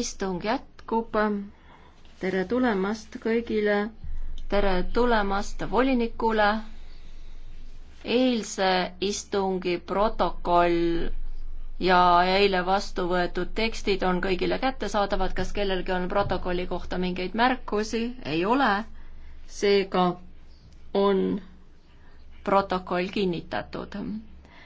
istung jätkub. tere tulemast kõigile. tere tulemast volinikule. eilse istungi protokoll ja eile vastu võetud tekstid on kõigile kättesaadavad. kas kellelgi on protokolli kohta mingeid märkusi? ei ole. seega on protokoll kinnitatud